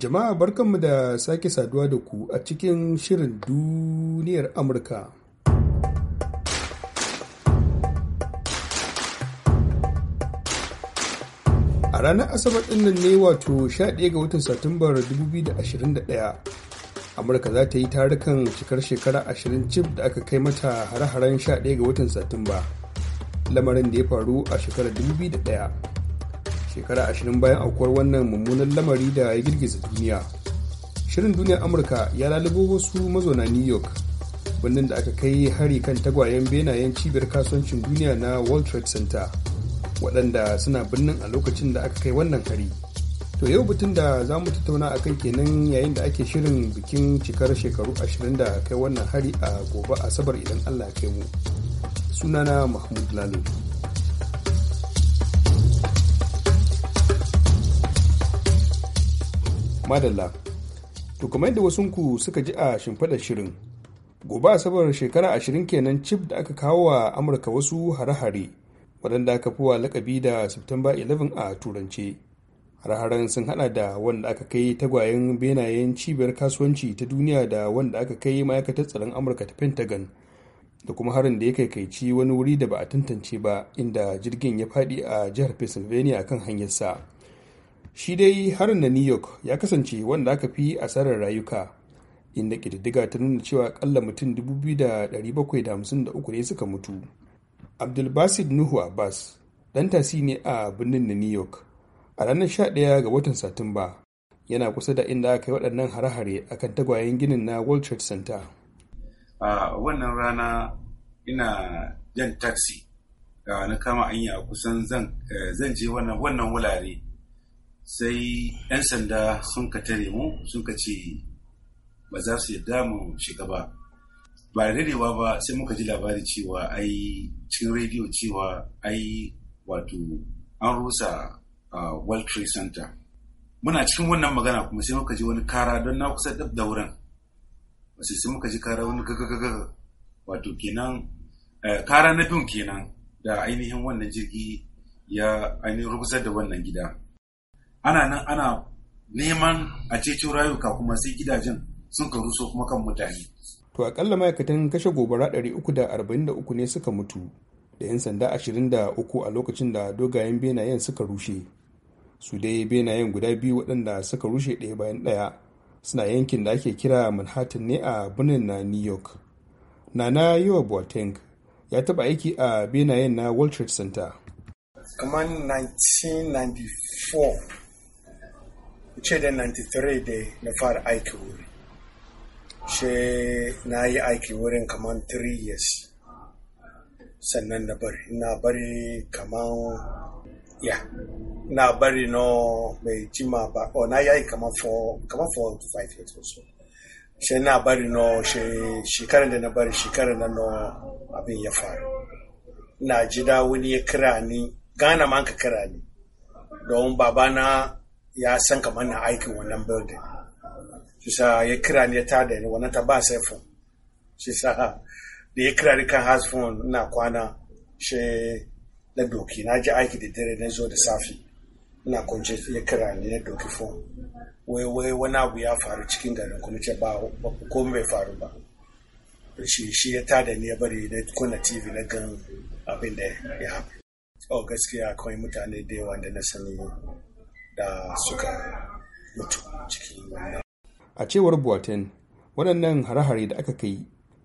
Jama'a barkanmu da sake saduwa da ku a cikin shirin duniyar Amurka. A ranar Asabar ɗinnan ne wato 11 ga watan Satumbar 2021. Amurka za ta yi tarukan cikar shekara 20 cif da aka kai mata hare-haren 11 ga watan Satumba. Lamarin da ya faru a shekarar 2001. shekara ashirin bayan aukuwar wannan mummunan lamari da ya girgiza duniya shirin duniya amurka ya lalubo wasu mazauna new york birnin da aka kai hari kan tagwayen benayen cibiyar kasuwancin duniya na world trade center waɗanda suna birnin a lokacin da aka kai wannan hari to yau batun da za mu tattauna a kai kenan yayin da ake shirin bikin cikar shekaru ashirin da kai wannan hari a gobe asabar idan allah kai mu sunana mahmud lalo madalla to kamar yadda wasunku suka ji a shimfiɗar shirin gobe asabar shekara ashirin kenan cif da aka kawo wa amurka wasu hare-hare waɗanda aka fi wa lakabi da september 11 a turance hare-haren sun hada da wanda aka kai tagwayen benayen cibiyar kasuwanci ta duniya da wanda aka kai ma'aikatar tsaron amurka ta pentagon da kuma harin da ya kaikaici wani wuri da ba a tantance ba inda jirgin ya faɗi a jihar pennsylvania kan hanyarsa shi dai harin na new york ya kasance wanda aka fi asarar rayuka inda ƙididdiga ta nuna cewa ƙalla mutum 2,753 ne suka mutu abdulbasid nuhu abbas ɗan tasi ne a birnin na new york a ranar 11 ga watan satumba yana kusa da inda aka yi waɗannan hare-hare akan tagwayen ginin na world trade center a wannan rana ina jan taxi na kama anya kusan eh, zan je wannan wulare sai 'yan sanda sun ka tare mu sun ka ce ba za su yarda mu shiga ba ba da ba sai muka ji labari cewa ai cikin rediyo cewa ai wato an rusa a world trade center muna cikin wannan magana kuma sai muka ji wani kara don na kusa dab da wurin wasu sai muka ji kara wani gagagaga wato kenan kara na biyun kenan da ainihin wannan jirgi ya ainihin rukusar da wannan gida ana nan ana neman a ceci rayuka kuma sai gidajen sun karu so kuma kan mutane to akalla ma'aikatan kashe gobara ɗari 343 ne suka mutu da 'yan sanda 23 a lokacin da dogayen benayen suka rushe su dai benayen guda biyu waɗanda suka rushe ɗaya bayan ɗaya suna yankin da ake kira manhattan ne a birnin na new york nana yiwa boateng ya taɓa aiki a benayen na world trade center kamar 1994 ce da 93 da na fara aiki wuri she na yi aiki wurin kamar 3 years sannan na bari na bari kaman ya na bari no mai jima ba o oh, na yi kaman 4 kamar 4 to 5 years or so she na bari no she shekarar da na bari shekarar da no abin ya fara na ji da wani ya kira ni gana man ka kira ni don babana ya san kamar na aikin wannan building shi sa ya kira ne ya tada ni wannan ta ba sai phone shi da ya kira ni kan house ina kwana shi na doki na ji aiki da dare na zo da safi na kwance ya kira ni ya doki phone wai wai wani abu ya faru cikin garin kuma ce ba ko bai faru ba shi shi ya tada ni ya bari na kunna tv na gan abin da ya haɗu. oh gaskiya akwai mutane da yawa da na sani da suka mutu cikin wannan. A cewar Buwaten, waɗannan hare da aka kai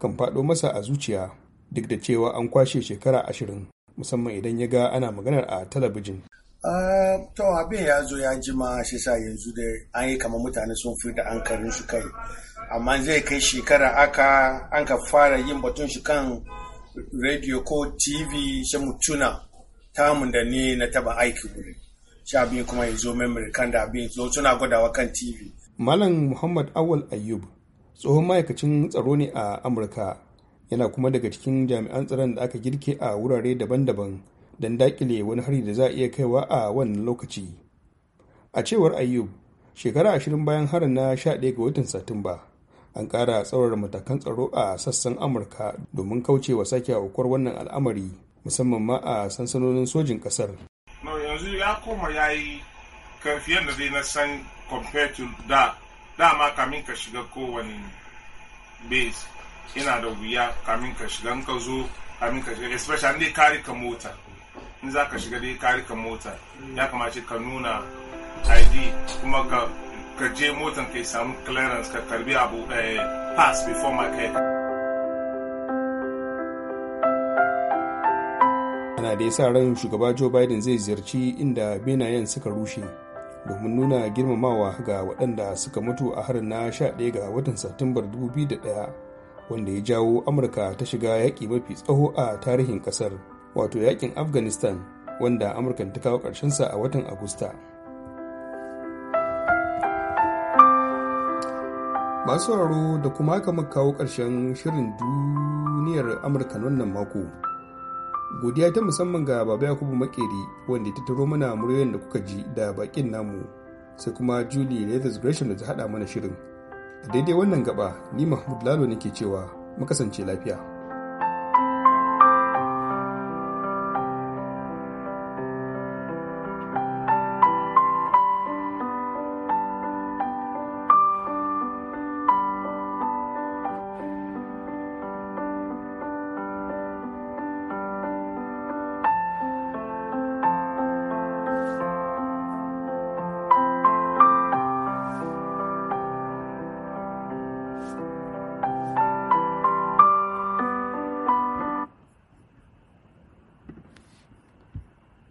kan faɗo masa a zuciya duk da cewa an kwashe shekara ashirin musamman idan ya ga ana maganar a talabijin. Ah, to abin ya zo ya jima shi sa yanzu da an yi kama mutane sun fi da an karin su kai amma zai kai shekara aka an ka fara yin batun shi kan radio ko tv shi mutuna tamun da ni na taba aiki wuri shi abin kuma ya zo memory kan da abin zo suna gwadawa kan tv malam muhammad awal ayyub tsohon ma'aikacin tsaro ne a amurka yana kuma daga cikin jami'an tsaron da aka girke a wurare daban-daban don dakile wani hari da za a iya kaiwa a wannan lokaci a cewar ayyub shekara ashirin bayan harin na ɗaya ga watan satumba an ƙara tsawar matakan tsaro a sassan amurka domin kaucewa sake aukuwar wannan al'amari musamman ma a sansanonin sojin ƙasar yanzu ya koma ya yi fiye da dai na san compared to da dama kamin ka shiga kowane base ina da wuya kamin ka shiga in ka zo kamin ka shiga especially dai kari ka mota in za ka shiga dai kari ka mota ya kamace ka nuna id kuma ka je motan ka samu clearance ka karbi abu eh, pass before market ana da yasa ran shugaba joe biden zai ziyarci inda benayen suka rushe domin nuna girmamawa ga waɗanda suka mutu a harin na 11 ga watan satumbar 2001 wanda ya jawo amurka ta shiga yaƙi mafi tsaho a tarihin ƙasar wato yaƙin afghanistan wanda amurka ta kawo ƙarshensa a watan agusta masu sauraro da kuma haka kawo ƙarshen shirin duniyar amurka wannan mako godiya ta musamman ga baba yakubu makeri wanda ta taro mana muryoyin da kuka ji da bakin namu sai kuma julie leathers gresham da ta hada mana shirin a daidai wannan gaba ni mahmud lalo nake cewa mu lafiya